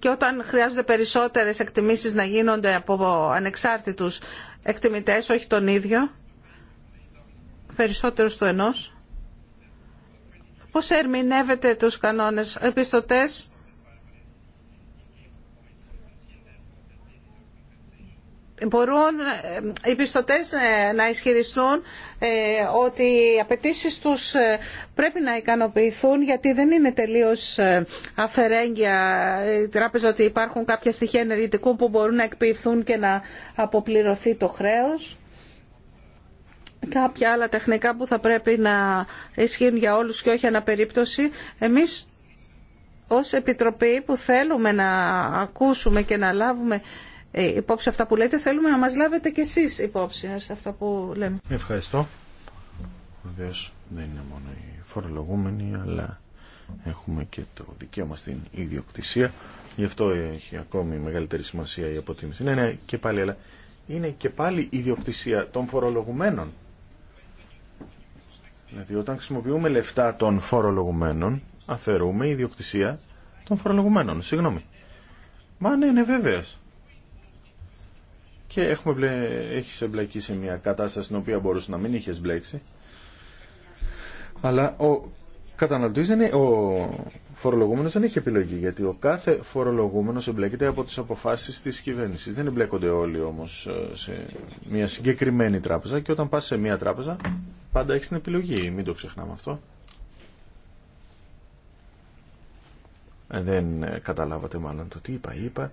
και όταν χρειάζονται περισσότερες εκτιμήσεις να γίνονται από ανεξάρτητους εκτιμητές, όχι τον ίδιο, περισσότερους του ενός. Πώς ερμηνεύετε τους κανόνες επιστοτές μπορούν ε, οι πιστωτές ε, να ισχυριστούν ε, ότι οι απαιτήσει τους πρέπει να ικανοποιηθούν γιατί δεν είναι τελείως αφαιρέγγια η τράπεζα ότι υπάρχουν κάποια στοιχεία ενεργητικού που μπορούν να εκποιηθούν και να αποπληρωθεί το χρέος. Κάποια άλλα τεχνικά που θα πρέπει να ισχύουν για όλους και όχι αναπερίπτωση. Εμείς ως Επιτροπή που θέλουμε να ακούσουμε και να λάβουμε ε, υπόψη αυτά που λέτε. Θέλουμε να μας λάβετε και εσείς υπόψη σε αυτά που λέμε. Ευχαριστώ. Βεβαίω δεν είναι μόνο οι φορολογούμενοι, αλλά έχουμε και το δικαίωμα στην ιδιοκτησία. Γι' αυτό έχει ακόμη μεγαλύτερη σημασία η αποτίμηση. Ναι, ναι, και πάλι, αλλά είναι και πάλι ιδιοκτησία των φορολογουμένων. Δηλαδή, όταν χρησιμοποιούμε λεφτά των φορολογουμένων, αφαιρούμε ιδιοκτησία των φορολογουμένων. Συγγνώμη. Μα ναι, είναι βέβαιες και έχουμε μπλε, έχεις εμπλακεί σε μια κατάσταση στην οποία μπορούσε να μην είχες μπλέξει. Αλλά ο καταναλωτής δεν είναι, ο φορολογούμενος δεν έχει επιλογή γιατί ο κάθε φορολογούμενος εμπλέκεται από τις αποφάσεις της κυβέρνησης. Δεν εμπλέκονται όλοι όμως ε, σε μια συγκεκριμένη τράπεζα και όταν πας σε μια τράπεζα πάντα έχεις την επιλογή. Μην το ξεχνάμε αυτό. Ε, δεν ε, καταλάβατε μάλλον το τι είπα. Είπα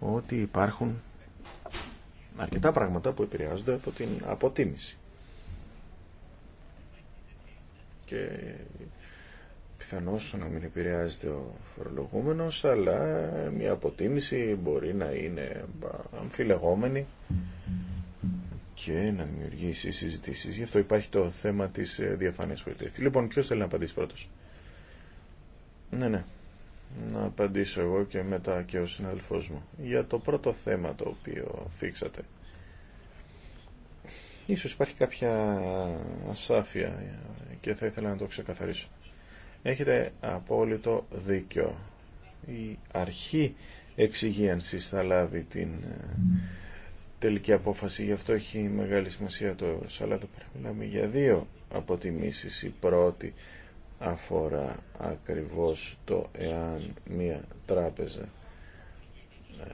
ότι υπάρχουν αρκετά πράγματα που επηρεάζονται από την αποτίμηση. Και πιθανώς να μην επηρεάζεται ο φορολογούμενος, αλλά μια αποτίμηση μπορεί να είναι αμφιλεγόμενη και να δημιουργήσει συζητήσεις. Γι' αυτό υπάρχει το θέμα της διαφάνειας που Λοιπόν, ποιος θέλει να απαντήσει πρώτος. Ναι, ναι να απαντήσω εγώ και μετά και ο συναδελφός μου για το πρώτο θέμα το οποίο θίξατε. Ίσως υπάρχει κάποια ασάφεια και θα ήθελα να το ξεκαθαρίσω. Έχετε απόλυτο δίκιο. Η αρχή εξυγίανσης θα λάβει την ε, τελική απόφαση, γι' αυτό έχει μεγάλη σημασία το ευρώ. Αλλά πρέπει να μιλάμε για δύο αποτιμήσεις. Η πρώτη αφορά ακριβώς το εάν μία τράπεζα ε,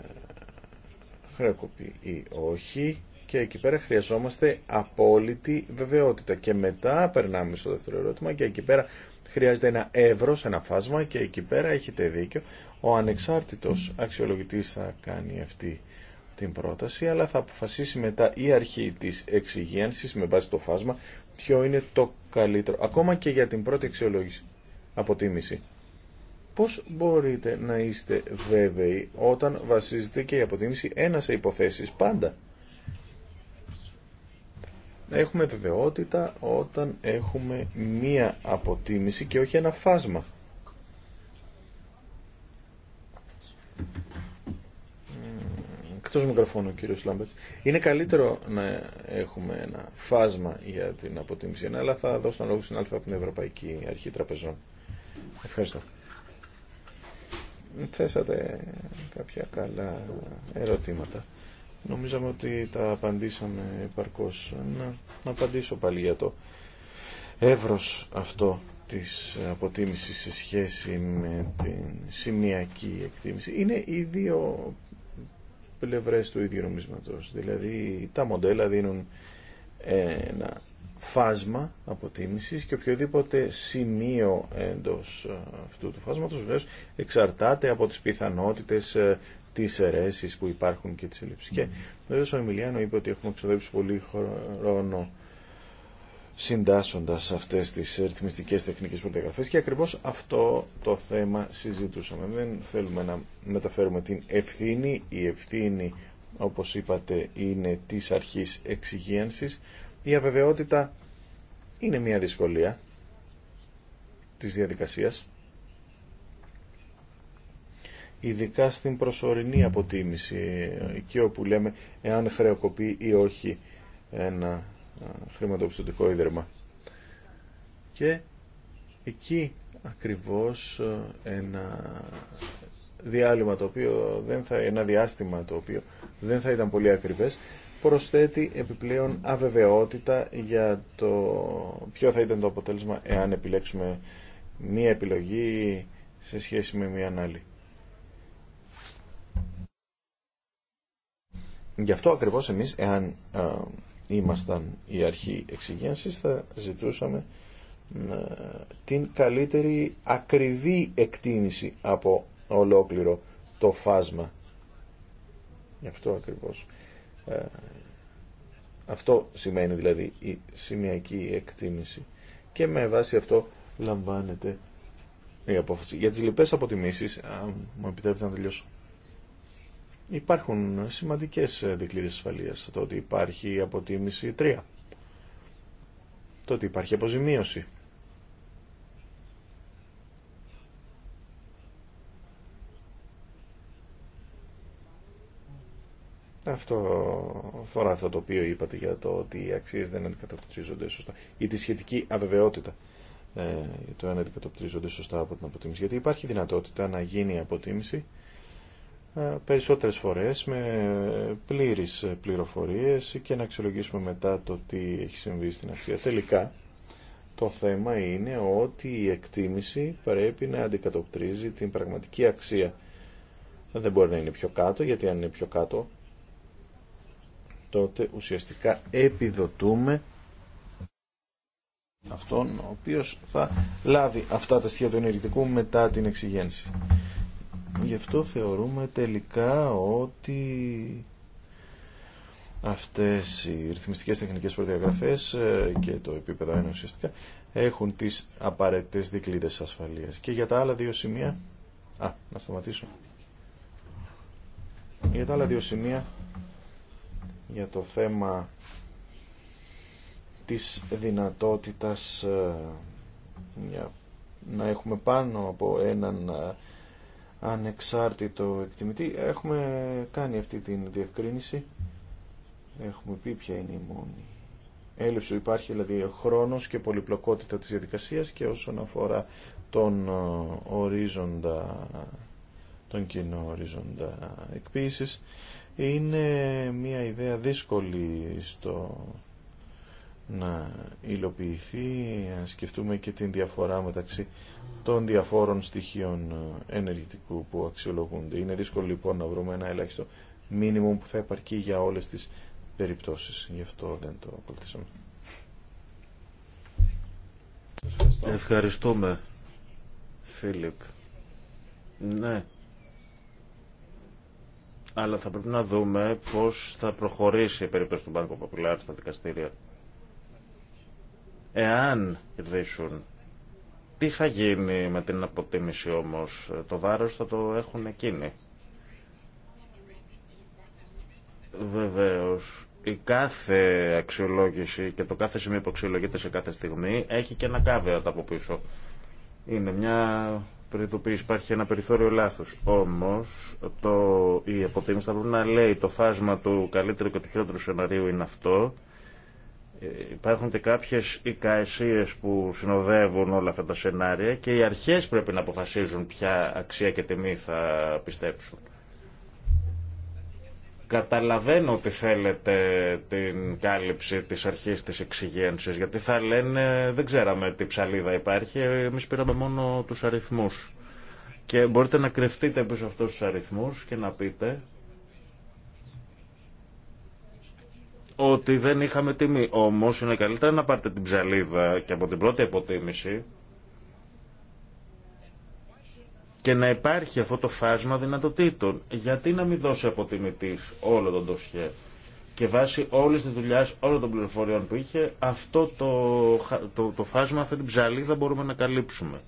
χρεοκοπεί ή όχι και εκεί πέρα χρειαζόμαστε απόλυτη βεβαιότητα και μετά περνάμε στο δεύτερο ερώτημα και εκεί πέρα χρειάζεται ένα εύρος, ένα φάσμα και εκεί πέρα έχετε δίκιο ο ανεξάρτητος αξιολογητής θα κάνει αυτή την πρόταση αλλά θα αποφασίσει μετά η οχι και εκει περα χρειαζομαστε απολυτη βεβαιοτητα και μετα περναμε στο δευτερο ερωτημα και εκει περα χρειαζεται ενα σε ενα φασμα και εκει περα εχετε δικιο ο ανεξαρτητος αξιολογητης θα κανει αυτη την προταση αλλα θα αποφασισει μετα η αρχη της εξυγίανσης με βάση το φάσμα ποιο είναι το καλύτερο, ακόμα και για την πρώτη αξιολόγηση, αποτίμηση. Πώς μπορείτε να είστε βέβαιοι όταν βασίζεται και η αποτίμηση ένα σε υποθέσεις πάντα. Έχουμε βεβαιότητα όταν έχουμε μία αποτίμηση και όχι ένα φάσμα. μικροφώνου Είναι καλύτερο να έχουμε ένα φάσμα για την αποτίμηση, αλλά θα δώσω τον λόγο στην ΑΛΦΑ από την Ευρωπαϊκή Αρχή Τραπεζών. Ευχαριστώ. Θέσατε κάποια καλά ερωτήματα. Νομίζαμε ότι τα απαντήσαμε επαρκώ. Να, να απαντήσω πάλι για το εύρος αυτό της αποτίμησης σε σχέση με την σημειακή εκτίμηση. Είναι οι δύο πλευρές του ίδιου νομίσματος. Δηλαδή τα μοντέλα δίνουν ε, ένα φάσμα αποτίμησης και οποιοδήποτε σημείο εντός ε, αυτού του φάσματος βεβαίως εξαρτάται από τις πιθανότητες ε, τις αιρέσης που υπάρχουν και τις ελλείψεις. Και βεβαίως ο Εμιλιάνο είπε ότι έχουμε εξοδέψει πολύ χρόνο συντάσσοντας αυτές τις ρυθμιστικές τεχνικές προδιαγραφές και ακριβώς αυτό το θέμα συζητούσαμε. Δεν θέλουμε να μεταφέρουμε την ευθύνη. Η ευθύνη, όπως είπατε, είναι της αρχής εξυγίανσης. Η αβεβαιότητα είναι μια δυσκολία της διαδικασίας. Ειδικά στην προσωρινή αποτίμηση, εκεί όπου λέμε εάν χρεοκοπεί ή όχι ένα ε, χρηματοπιστωτικό ίδρυμα. Και εκεί ακριβώς ε, ένα διάλειμμα το οποίο δεν θα, ένα διάστημα το οποίο δεν θα ήταν πολύ ακριβές προσθέτει επιπλέον αβεβαιότητα για το ποιο θα ήταν το αποτέλεσμα εάν επιλέξουμε μία επιλογή σε σχέση με μία άλλη. Γι' αυτό ακριβώς εμείς εάν ε, ήμασταν η αρχή εξηγένσης θα ζητούσαμε την καλύτερη ακριβή εκτίμηση από ολόκληρο το φάσμα. αυτό ακριβώς. Ε, αυτό σημαίνει δηλαδή η σημειακή εκτίμηση και με βάση αυτό λαμβάνεται η απόφαση. Για τις λοιπές αποτιμήσεις, μου επιτρέπετε να τελειώσω. Υπάρχουν σημαντικές δικλείδες ασφαλείας. Το ότι υπάρχει αποτίμηση 3. Το ότι υπάρχει αποζημίωση. Αυτό φορά αυτό το οποίο είπατε για το ότι οι αξίες δεν αντικατοπτρίζονται σωστά ή τη σχετική αβεβαιότητα ε, το αν αντικατοπτρίζονται σωστά από την αποτίμηση. Γιατί υπάρχει δυνατότητα να γίνει αποτίμηση ε, περισσότερες φορές με πλήρεις πληροφορίες και να αξιολογήσουμε μετά το τι έχει συμβεί στην αξία. Τελικά, το θέμα είναι ότι η εκτίμηση πρέπει να αντικατοπτρίζει την πραγματική αξία. Δεν μπορεί να είναι πιο κάτω, γιατί αν είναι πιο κάτω, τότε ουσιαστικά επιδοτούμε αυτόν ο οποίος θα λάβει αυτά τα στοιχεία του ενεργητικού μετά την εξηγένση. Γι' αυτό θεωρούμε τελικά ότι αυτές οι ρυθμιστικές τεχνικές προδιαγραφές ε, και το επίπεδο είναι ουσιαστικά έχουν τις απαραίτητες δικλείδες ασφαλείας. Και για τα άλλα δύο σημεία... Α, να σταματήσω. Για τα άλλα δύο σημεία, για το θέμα της δυνατότητας ε, να έχουμε πάνω από έναν ε, ανεξάρτητο εκτιμητή. Έχουμε κάνει αυτή την διευκρίνηση. Έχουμε πει ποια είναι η μόνη έλλειψη υπάρχει, δηλαδή χρόνος και πολυπλοκότητα της διαδικασίας και όσον αφορά τον ε, ορίζοντα, τον κοινό ορίζοντα εκποίησης, είναι μια ιδέα δύσκολη στο να υλοποιηθεί, να σκεφτούμε και την διαφορά μεταξύ των διαφόρων στοιχείων ε, ενεργητικού που αξιολογούνται. Είναι δύσκολο λοιπόν να βρούμε ένα ελάχιστο μήνυμο που θα επαρκεί για όλες τις περιπτώσεις. Γι' αυτό δεν το ακολουθήσαμε. Ευχαριστούμε, Φίλιπ. Ναι. Αλλά θα πρέπει να δούμε πώς θα προχωρήσει η περίπτωση του Μπάνκου Παπουλάρ στα δικαστήρια. Εάν κερδίσουν, τι θα γίνει με την αποτίμηση όμως, το βάρος θα το έχουν εκείνοι. Βεβαίως, η κάθε αξιολόγηση και το κάθε σημείο που αξιολογείται σε κάθε στιγμή έχει και ένα κάβεατ από πίσω. Είναι μια προειδοποίηση, υπάρχει ένα περιθώριο λάθος. Όμως το, η αποτίμηση θα πρέπει να λέει το φάσμα του καλύτερου και του χειρότερου σενάριου είναι αυτό Υπάρχουν και κάποιες ικαεσίες που συνοδεύουν όλα αυτά τα σενάρια και οι αρχές πρέπει να αποφασίζουν ποια αξία και τιμή θα πιστέψουν. Καταλαβαίνω ότι θέλετε την κάλυψη της αρχής της εξυγένσης, γιατί θα λένε δεν ξέραμε τι ψαλίδα υπάρχει, εμείς πήραμε μόνο τους αριθμούς. Και μπορείτε να κρυφτείτε πίσω αυτούς τους αριθμούς και να πείτε ότι δεν είχαμε τιμή. Όμως είναι καλύτερα να πάρετε την ψαλίδα και από την πρώτη αποτίμηση και να υπάρχει αυτό το φάσμα δυνατοτήτων. Γιατί να μην δώσει αποτιμητή όλο τον ντοσιέ και βάσει όλη τη δουλειά, όλων των πληροφοριών που είχε, αυτό το, το, το φάσμα, αυτή την ψαλίδα μπορούμε να καλύψουμε.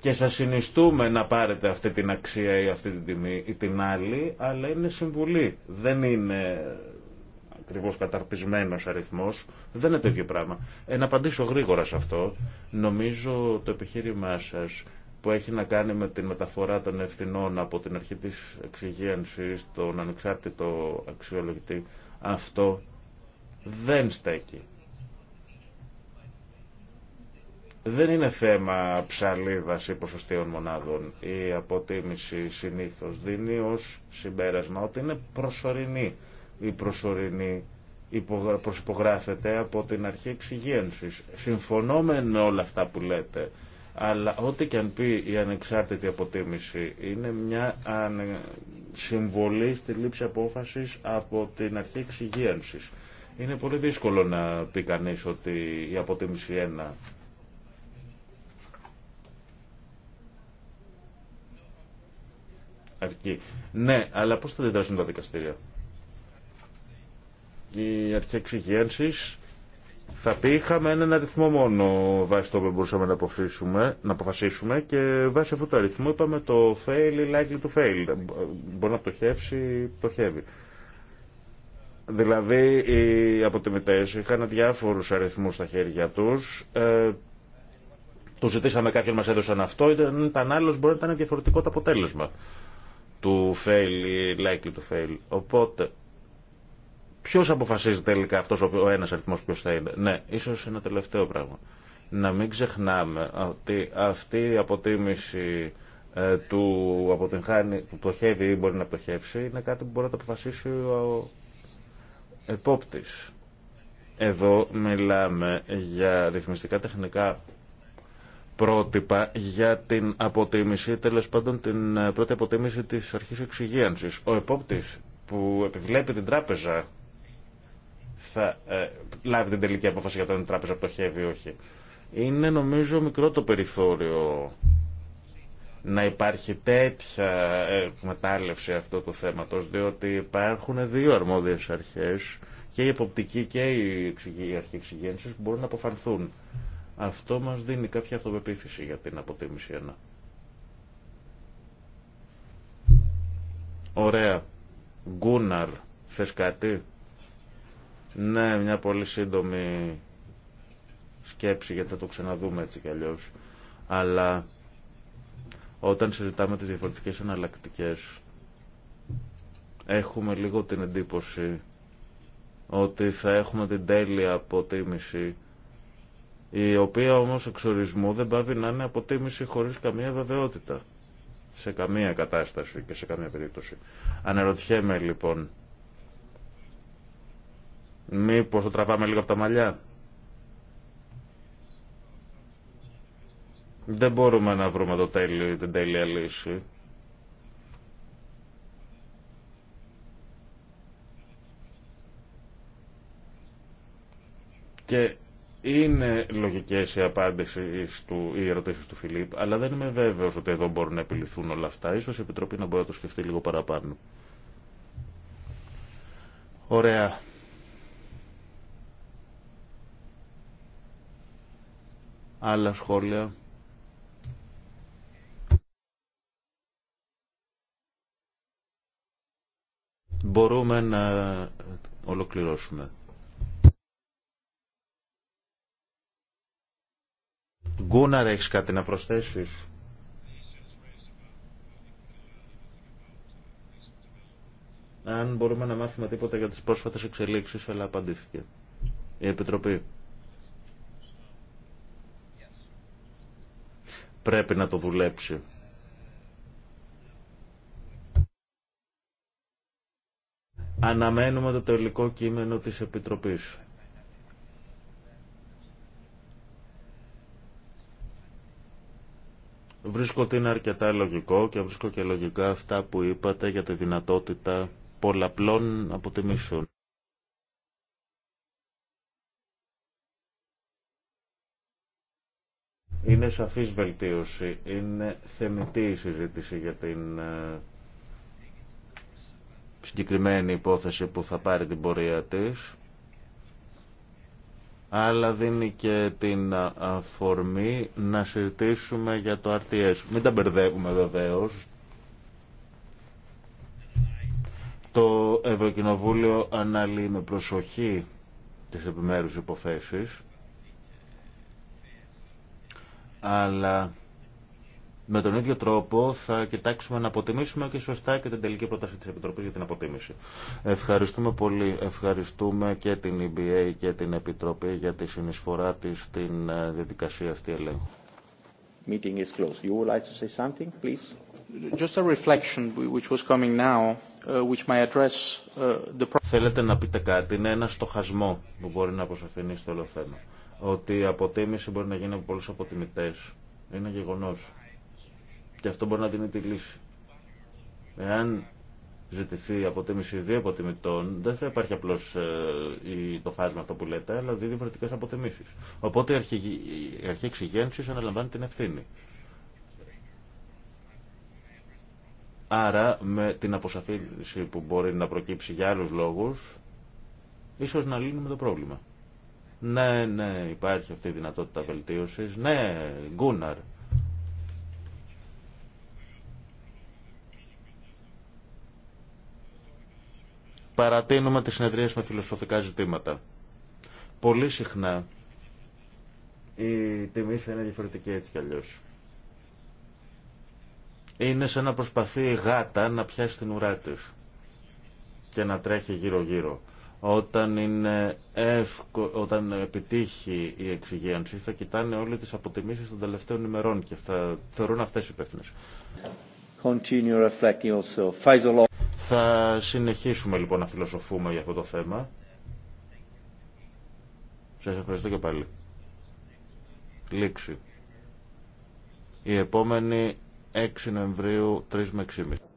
Και σας συνιστούμε να πάρετε αυτή την αξία ή αυτή την τιμή ή την άλλη, αλλά είναι συμβουλή. Δεν είναι ακριβώς καταρτισμένος αριθμός. Δεν είναι το ίδιο πράγμα. Ε, να απαντήσω γρήγορα σε αυτό. Νομίζω το επιχείρημά σας που έχει να κάνει με τη μεταφορά των ευθυνών από την αρχή της εξυγίανσης στον ανεξάρτητο αξιολογητή, αυτό δεν στέκει. δεν είναι θέμα ψαλίδας ή ποσοστίων μονάδων. Η αποτίμηση συνήθως δίνει ως συμπέρασμα ότι είναι προσωρινή. Η προσωρινή προσυπογράφεται από την αρχή εξυγένσης. Συμφωνώ με όλα αυτά που λέτε, αλλά ό,τι και αν πει η ανεξάρτητη αποτίμηση είναι μια συμβολή στη λήψη απόφασης από την αρχή εξυγένσης. Είναι πολύ δύσκολο να πει κανείς ότι η αποτίμηση Ναι, αλλά πώς θα διδράσουν τα δικαστήρια. Η αρχή εξυγένση θα πει είχαμε έναν αριθμό μόνο βάσει το οποίο μπορούσαμε να, να αποφασίσουμε και βάσει αυτού του αριθμού είπαμε το fail likely to fail. Μπορεί να πτωχεύσει, πτωχεύει. Δηλαδή οι αποτιμητές είχαν διάφορους αριθμούς στα χέρια τους. Ε, τους ζητήσαμε κάποιον μας έδωσαν αυτό, ήταν, ήταν άλλος, μπορεί να ήταν διαφορετικό το αποτέλεσμα του fail ή likely to fail. Οπότε, ποιο αποφασίζει τελικά αυτό ο ένα αριθμό ποιο θα είναι. Ναι, ίσω ένα τελευταίο πράγμα. Να μην ξεχνάμε ότι αυτή η αποτίμηση ε, του αποτυγχάνει, που πτωχεύει ή μπορεί να πτωχεύσει είναι κάτι που μπορεί να το αποφασίσει ο επόπτης. Εδώ μιλάμε για ρυθμιστικά τεχνικά πρότυπα για την αποτίμηση, τέλο πάντων την ε, πρώτη αποτίμηση τη αρχής εξυγίανση. Ο επόπτης που επιβλέπει την τράπεζα θα ε, λάβει την τελική απόφαση για το αν η τράπεζα πτωχεύει ή όχι. Είναι νομίζω μικρό το περιθώριο να υπάρχει τέτοια ε, εκμετάλλευση αυτού του θέματος, διότι υπάρχουν δύο αρμόδιες αρχές, και η εποπτική και η αρχή εξυγένσης, που μπορούν να αποφανθούν αυτό μας δίνει κάποια αυτοπεποίθηση για την αποτίμηση 1. Ωραία. Γκούναρ, θες κάτι? Ναι, μια πολύ σύντομη σκέψη γιατί θα το ξαναδούμε έτσι κι αλλιώς. Αλλά όταν συζητάμε τις διαφορετικές εναλλακτικέ, έχουμε λίγο την εντύπωση ότι θα έχουμε την τέλεια αποτίμηση η οποία όμως εξορισμού δεν πάβει να είναι αποτίμηση χωρίς καμία βεβαιότητα σε καμία κατάσταση και σε καμία περίπτωση. Αναρωτιέμαι λοιπόν, μήπως το τραβάμε λίγο από τα μαλλιά. Δεν μπορούμε να βρούμε το τέλειο, την τέλεια λύση. Και είναι λογικέ οι απάντησει του, οι ερωτήσει του Φιλίπ, αλλά δεν είμαι βέβαιο ότι εδώ μπορούν να επιληθούν όλα αυτά. σω η Επιτροπή να μπορεί να το σκεφτεί λίγο παραπάνω. Ωραία. Άλλα σχόλια. Μπορούμε να ολοκληρώσουμε. Γκούναρ, έχεις κάτι να προσθέσεις. Αν μπορούμε να μάθουμε τίποτα για τις πρόσφατες εξελίξεις, αλλά απαντήθηκε. Η Επιτροπή. Πρέπει να το δουλέψει. Αναμένουμε το τελικό κείμενο της Επιτροπής. Βρίσκω ότι είναι αρκετά λογικό και βρίσκω και λογικά αυτά που είπατε για τη δυνατότητα πολλαπλών αποτιμήσεων. Είναι σαφής βελτίωση, είναι θεμητή η συζήτηση για την ε, συγκεκριμένη υπόθεση που θα πάρει την πορεία της αλλά δίνει και την αφορμή να συζητήσουμε για το RTS. Μην τα μπερδεύουμε βεβαίω. Το Ευρωκοινοβούλιο αναλύει με προσοχή τις επιμέρους υποθέσεις αλλά με τον ίδιο τρόπο θα κοιτάξουμε να αποτιμήσουμε και σωστά και την τελική πρόταση της Επιτροπής για την αποτίμηση. Ευχαριστούμε πολύ. Ευχαριστούμε και την EBA και την Επιτροπή για τη συνεισφορά της στην ε, διαδικασία αυτή ελέγχου. Meeting is closed. You would like to say something, please? Just a reflection which was coming now, uh, which address uh, Θέλετε να πείτε κάτι, είναι ένα στοχασμό που μπορεί να αποσαφηνίσει το όλο θέμα. Ότι η αποτίμηση μπορεί να γίνει από πολλούς αποτιμητές. Είναι γεγονός. Και αυτό μπορεί να δίνει τη λύση. Εάν ζητηθεί αποτίμηση δύο αποτιμητών, δεν θα υπάρχει απλώ ε, το φάσμα αυτό που λέτε, αλλά δύο διαφορετικέ αποτιμήσει. Οπότε η αρχή, εξηγένση αρχή αναλαμβάνει την ευθύνη. Άρα με την αποσαφήνιση που μπορεί να προκύψει για άλλους λόγους, ίσως να λύνουμε το πρόβλημα. Ναι, ναι, υπάρχει αυτή η δυνατότητα βελτίωσης. Ναι, Γκούναρ, παρατείνουμε τις συνεδρίες με φιλοσοφικά ζητήματα. Πολύ συχνά η τιμή θα είναι διαφορετική έτσι κι αλλιώς. Είναι σαν να προσπαθεί η γάτα να πιάσει την ουρά της και να τρέχει γύρω-γύρω. Όταν, είναι εύκο... όταν επιτύχει η εξυγίανση θα κοιτάνε όλοι τις αποτιμήσεις των τελευταίων ημερών και θα θεωρούν αυτές υπεύθυνες. Θα συνεχίσουμε λοιπόν να φιλοσοφούμε για αυτό το θέμα. Σας ευχαριστώ και πάλι. Λήξη. Η επόμενη 6 Νοεμβρίου 3 με 6.